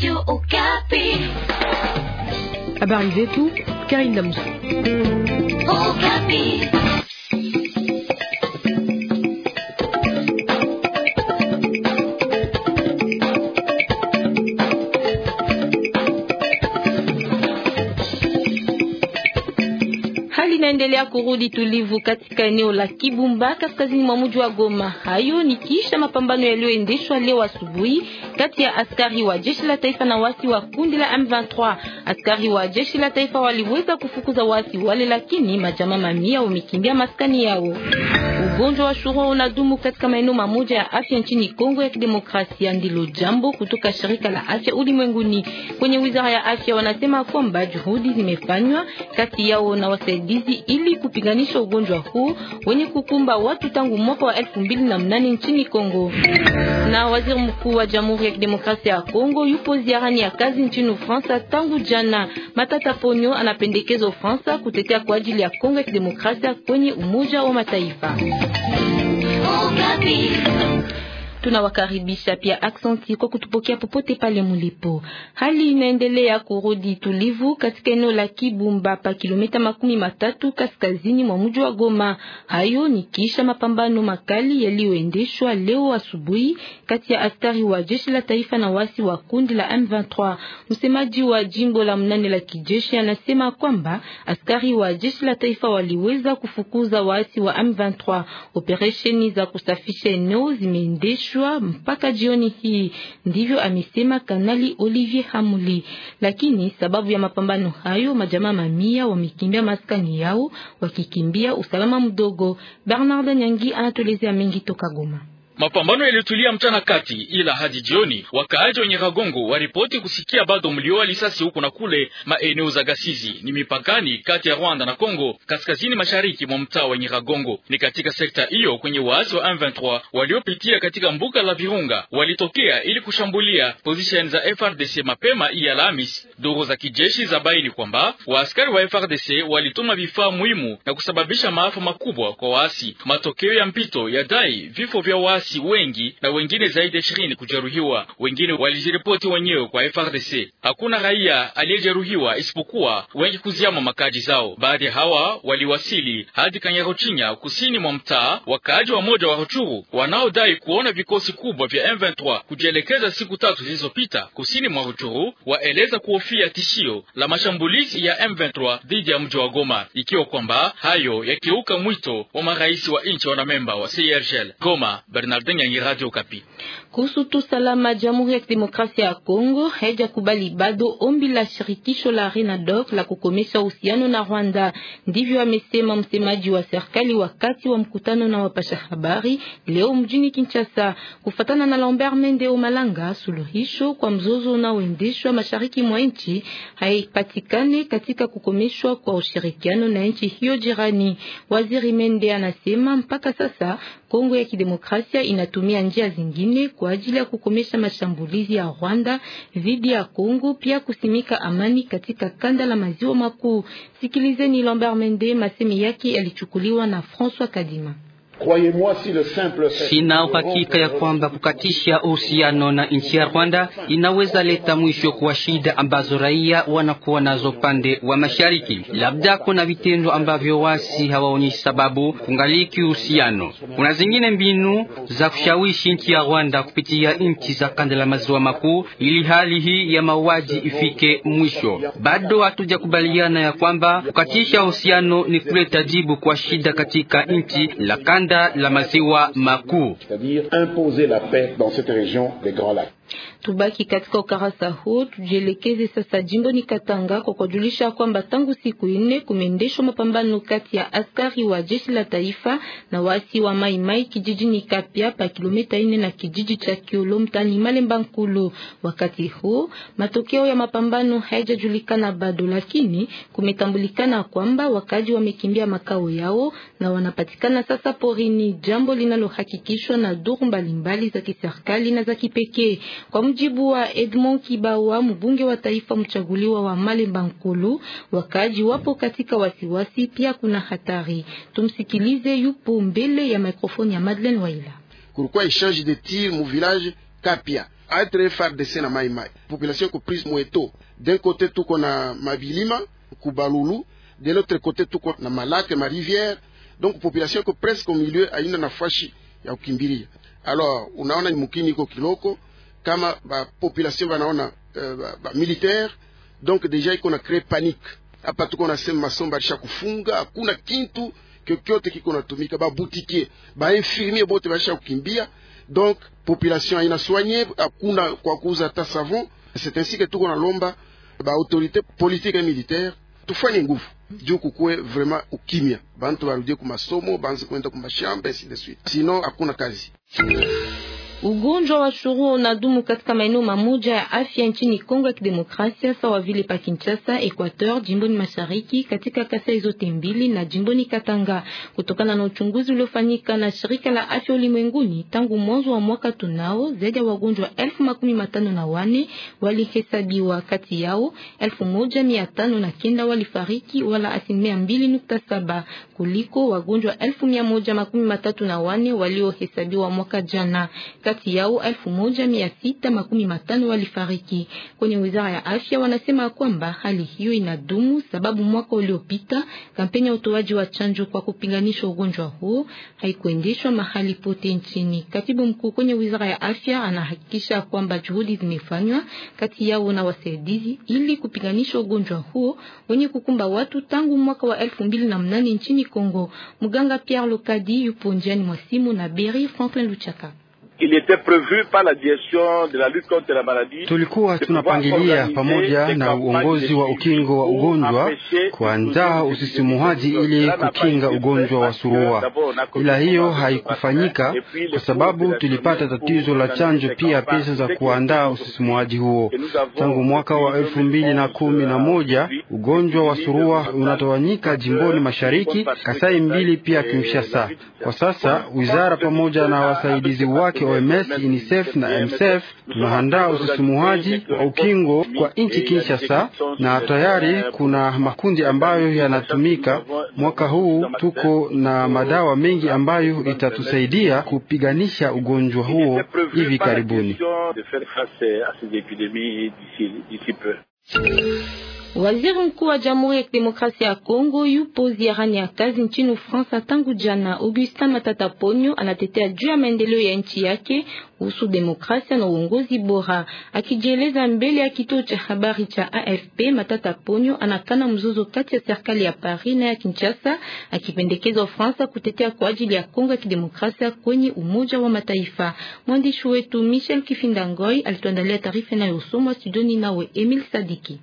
Radio Okapi. Habari zetu Karine Damso. Okapi. hali inaendelea kurudi tulivu katika eneo la Kibumba kaskazini mwa mji wa Goma. Hayo ni kisha mapambano yaliyoendeshwa leo asubuhi kati ya askari wa jeshi la taifa na wasi wa kundi la M23. Askari wa jeshi la taifa waliweza kufukuza wasi wale, lakini majamaa mamia wamekimbia maskani yao. Ugonjwa wa shurua unadumu katika maeneo mamoja ya afya nchini Kongo ya Kidemokrasia, ndilo jambo kutoka shirika la afya ulimwenguni. Kwenye wizara ya afya wanasema kwamba juhudi zimefanywa kati yao na wasaidizi ili kupiganisha ugonjwa huu wenye kukumba watu tangu mwaka wa 2008 nchini Kongo. Na waziri mkuu wa Jamhuri ya Kidemokrasia ya Kongo yupo ziarani ya kazi nchini Ufaransa tangu jana. Matata Ponyo anapendekeza Ufaransa kutetea kwa ajili ya Kongo ya Kidemokrasia kwenye Umoja wa Mataifa. Oh, Gabby. Tunawakaribisha pia aksenti kwa kutupokea popote pale mulipo. Hali inaendelea kurudi tulivu katika eneo la Kibumba pa kilomita makumi matatu kaskazini mwa mji wa Goma. Hayo ni kisha mapambano makali yaliyoendeshwa leo asubuhi kati ya askari wa jeshi la taifa na wasi wa kundi la M23. Msemaji wa jimbo la mnane la kijeshi anasema kwamba askari wa jeshi la taifa waliweza kufukuza waasi wa M23. Operesheni za kusafisha eneo zimeendeshwa kuendeshwa mpaka jioni hii, ndivyo amesema Kanali Olivier Hamuli. Lakini sababu ya mapambano hayo, majamaa mamia wamekimbia maskani yao wakikimbia usalama mdogo. Bernard Nyangi anatuelezea mengi toka Goma. Mapambano yalitulia mchana kati, ila hadi jioni wakaaji wenye Kagongo waripoti kusikia bado mlio wa lisasi huku na kule maeneo za Gasizi, ni mipakani kati ya Rwanda na Kongo, kaskazini mashariki mwa mtaa wenye Kagongo. Ni katika sekta hiyo kwenye waasi wa M23 waliopitia katika mbuka la Virunga walitokea ili kushambulia position za FRDC mapema ya Alhamisi. Duru za kijeshi za baini kwamba waaskari wa FRDC walituma vifaa muhimu na kusababisha maafa makubwa kwa waasi. Matokeo ya mpito yadai vifo vya waasi waasi wengi na wengine zaidi ya ishirini kujeruhiwa, wengine walijiripoti wenyewe kwa FRDC. Hakuna raia aliyejeruhiwa isipokuwa wengi kuziama makaji zao. Baadhi hawa waliwasili hadi Kanyaruchinya, kusini mwa mtaa. Wakaaji wa moja wa Ruchuru wanaodai kuona vikosi kubwa vya M23 kujielekeza siku tatu zilizopita kusini mwa Ruchuru waeleza kuhofia tishio la mashambulizi ya M23 dhidi ya mji wa Goma, ikiwa kwamba hayo yakiuka mwito wa marais wa nchi wanamemba wa CIRGL. Goma, Bernard Bernardin Yangi, Radio Okapi. Kuhusu tu salama, Jamhuri ya Kidemokrasia ya Kongo haijakubali bado ombi la shirikisho la Renadoc la kukomesha uhusiano na Rwanda. Ndivyo amesema msemaji wa serikali wakati wa mkutano na wapasha habari leo mjini Kinshasa. Kufatana na Lambert Mende Omalanga, suluhisho kwa mzozo unaoendeshwa mashariki mwa nchi haipatikane katika kukomeshwa kwa ushirikiano na nchi hiyo jirani. Waziri Mende anasema mpaka sasa Kongo ya Kidemokrasia inatumia njia zingine kwa ajili ya kukomesha mashambulizi ya Rwanda dhidi ya Kongo, pia kusimika amani katika kanda la maziwa makuu. Sikilizeni Lambert Mende, masemi yake yalichukuliwa na François Kadima. Sina uhakika ya kwamba kukatisha uhusiano na nchi ya Rwanda inaweza leta mwisho kwa shida ambazo raia wanakuwa nazo pande wa mashariki. Labda kuna vitendo ambavyo wasi hawaonyeshi sababu kungaliki uhusiano. Kuna zingine mbinu za kushawishi nchi ya Rwanda kupitia nchi za kanda la maziwa makuu ili hali hii ya mauaji ifike mwisho. Bado hatujakubaliana ya kwamba kukatisha uhusiano ni kuleta jibu kwa shida katika nchi la kanda C'est-à-dire imposer la paix dans cette région des Grands Lacs. Tubaki katika ukarasa huu, tujielekeze sasa jimboni Katanga kwa kujulisha kwamba tangu siku nne kumeendeshwa mapambano kati ya askari wa jeshi la taifa na waasi wa Mai Mai kijijini Kapya pa kilomita nne na kijiji cha Kiolo mtani Malemba Nkulu. Wakati huu matokeo ya mapambano hayajajulikana bado, lakini kumetambulikana kwamba wakaji wamekimbia makao yao na wanapatikana sasa porini, jambo linalohakikishwa na duru mbalimbali za kiserikali na za kipekee. Kwa mjibu wa Edmond Kibawa, mbunge wa taifa mchaguliwa wa Malemba Nkulu, wakaji wapo katika wasiwasi, pia kuna hatari. Tumsikilize, yupo mbele ya mikrofoni ya Madeleine Waila. Kulikuwa echange de tir mu village Kapia entre FARDC na Maimai, population ko prise mweto. D'un côté tuko na Mabilima Kubalulu, de l'autre côté tuko na Malate ma rivière, donc population ko presque au milieu aina fashi ya kukimbilia. Alors unaona mukini iko kiloko kama bapopulation banaona uh, bamilitaire donc deja iko na kree panique hapa. Tuko nasema masomba alisha kufunga, hakuna kintu kyokyote kiko natumika, babutikie bainfirmier bote baisha kukimbia, donc population haina soigne, hakuna kwa kuuza hata savon. C'est ainsi que tuko nalomba baautorité politique et militaire tufanye nguvu juu kukuwe vraiment ukimya, bantu barudie kumasomo, banze kwenda kumashamba, ainsi de suite, sino hakuna kazi Ugonjwa wa shurua unadumu katika maeneo mamoja ya afya nchini Kongo ya Kidemokrasia sawa vile pa Kinshasa, Equateur, jimboni Mashariki, katika Kasai zote mbili na jimboni Katanga, kutokana na uchunguzi uliofanyika na shirika la afya ulimwenguni. Tangu mwanzo wa mwaka tunao zaidi ya wagonjwa elfu makumi matano na wane walihesabiwa, kati yao elfu moja mia tano na kenda walifariki, wala asilimia mbili nukta saba kuliko wagonjwa elfu mia moja makumi matatu na wane waliohesabiwa mwaka jana kati yao elfu moja mia sita makumi matano walifariki. Kwenye wizara ya afya wanasema kwamba hali hiyo inadumu sababu mwaka uliopita kampeni ya utoaji wa chanjo kwa kupinganisha ugonjwa huu haikuendeshwa mahali pote nchini. Katibu mkuu kwenye wizara ya afya anahakikisha kwamba juhudi zimefanywa kati yao na wasaidizi ili kupinganisha ugonjwa huo wenye kukumba watu tangu mwaka wa elfu mbili na mnane nchini Kongo. Mganga Pierre Lokadi yupo njiani mwa simu na Berry Franklin Luchaka il était prévu par la direction de la lutte contre la maladie. Tulikuwa tunapangilia pamoja na uongozi wa ukingo wa ugonjwa kuandaa usisimuhaji ili kukinga ugonjwa wa surua, ila hiyo haikufanyika kwa sababu tulipata tatizo la chanjo, pia pesa za kuandaa usisimuhaji huo. Tangu mwaka wa elfu mbili na kumi na euh, moja ugonjwa wa surua unatawanyika jimboni euh, mashariki Kasai mbili, pia Kinshasa. Euh, kwa sasa wizara pamoja na wasaidizi wake OMS, UNICEF na MSF tunaandaa usisimuaji wa ukingo kwa nchi Kinshasa, na tayari kuna makundi ambayo yanatumika. Mwaka huu tuko na madawa mengi ambayo itatusaidia kupiganisha ugonjwa huo hivi karibuni. Waziri mkuu wa Jamhuri ya Kidemokrasia ya Kongo yupo ziarani ya kazi nchini Ufaransa tangu jana. Augustin Matata Ponyo anatetea juu ya maendeleo ya nchi yake kuhusu demokrasia na uongozi bora. Akijieleza mbele ya kituo cha habari cha AFP, Matata Ponyo anakana mzozo kati ya serikali ya Paris na ya Kinshasa, akipendekeza Ufaransa kutetea kwa ajili ya Kongo ya Kidemokrasia kwenye Umoja wa Mataifa. Mwandishi wetu Michel Kifindangoi alituandalia taarifa inayosomwa studioni nawe Emil Sadiki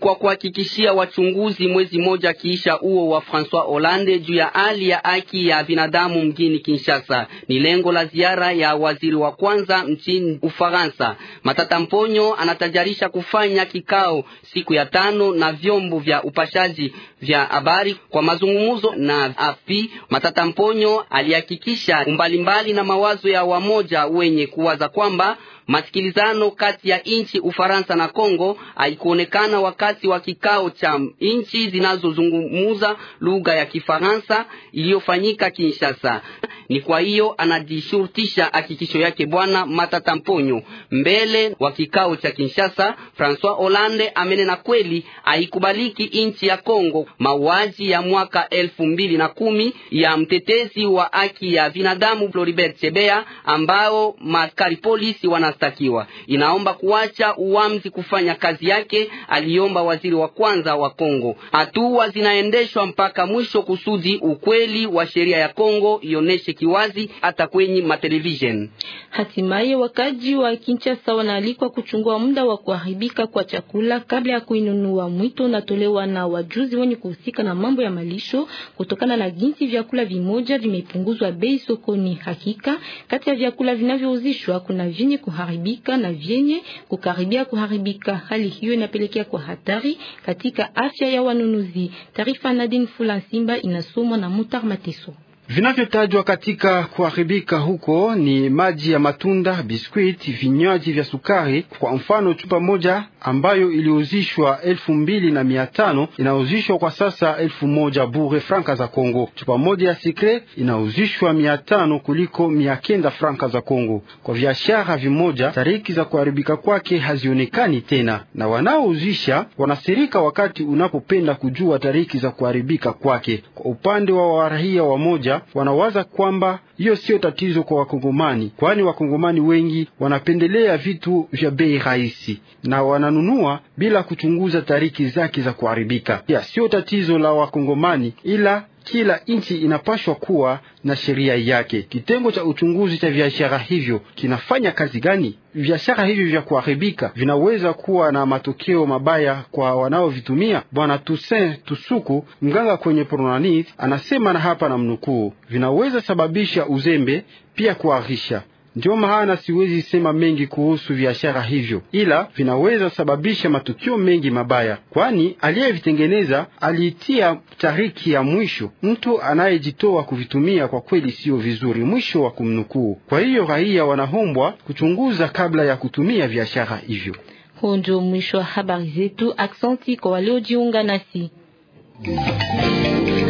kwa kuhakikishia wachunguzi mwezi moja kiisha huo wa Francois Hollande juu ya hali ya haki ya binadamu mjini Kinshasa. Ni lengo la ziara ya waziri wa kwanza nchini Ufaransa. Matata Mponyo anatajarisha kufanya kikao siku ya tano na vyombo vya upashaji vya habari kwa mazungumzo na api. Matata Mponyo alihakikisha umbalimbali na mawazo ya wamoja wenye kuwaza kwamba masikilizano kati ya nchi Ufaransa na Kongo haikuonekana wakati wa kikao cha nchi zinazozungumza lugha ya Kifaransa iliyofanyika Kinshasa. Ni kwa hiyo anajishurutisha hakikisho yake Bwana Matata Mponyo mbele wa kikao cha Kinshasa. Francois Hollande amenena kweli haikubaliki nchi ya Kongo mauaji ya mwaka elfu mbili na kumi ya mtetezi wa haki ya binadamu Floribert chebea ambao maskari polisi wanastakiwa. Inaomba kuacha uamzi kufanya kazi yake aliyo aliomba waziri wa kwanza wa Kongo. Hatua zinaendeshwa mpaka mwisho kusudi ukweli wa sheria ya Kongo ioneshe kiwazi hata kwenye matelevision. Hatimaye wakaji wa Kinshasa wanaalikwa kuchungua muda wa kuharibika kwa chakula kabla ya kuinunua. Mwito unatolewa na wajuzi wenye kuhusika na mambo ya malisho kutokana na jinsi vyakula vimoja vimepunguzwa bei sokoni. Hakika kati ya vyakula vinavyouzishwa kuna vyenye kuharibika na vyenye kukaribia kuharibika. Hali hiyo inapelekea kwa hati hatari katika afya ya wanunuzi. Taarifa Nadine Fula Simba inasomwa na Mutar Mateso. Vinavyotajwa katika kuharibika huko ni maji ya matunda, biskuiti, vinywaji vya sukari. Kwa mfano, chupa moja ambayo iliuzishwa elfu mbili na mia tano inauzishwa kwa sasa elfu moja bure franka za Kongo. Chupa moja ya sikre inauzishwa mia tano kuliko mia kenda franka za Kongo. Kwa biashara vimoja, tariki za kuharibika kwake hazionekani tena, na wanaouzisha wanasirika wakati unapopenda kujua tariki za kuharibika kwake. Kwa upande wa warahia wamoja, wanawaza kwamba hiyo siyo tatizo kwa Wakongomani, kwani Wakongomani wengi wanapendelea vitu vya bei rahisi na wananunua bila kuchunguza tariki zake za kuharibika. Siyo tatizo la Wakongomani ila kila nchi inapashwa kuwa na sheria yake. Kitengo cha uchunguzi cha biashara hivyo kinafanya kazi gani? Biashara hivyo vya kuharibika vinaweza kuwa na matokeo mabaya kwa wanaovitumia. Bwana Tusen Tusuku, mganga kwenye Pronanith, anasema na hapa na mnukuu, vinaweza sababisha uzembe pia kuharisha ndio maana siwezi sema mengi kuhusu biashara hivyo, ila vinaweza sababisha matukio mengi mabaya, kwani aliyevitengeneza aliitia tariki ya mwisho. Mtu anayejitoa kuvitumia kwa kweli siyo vizuri, mwisho wa kumnukuu. Kwa hiyo raia wanahombwa kuchunguza kabla ya kutumia biashara hivyo. Huu ndio mwisho wa habari zetu. Aksanti kwa waliojiunga nasi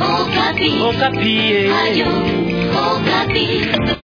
Okapi. Okapi. Ayo. Okapi.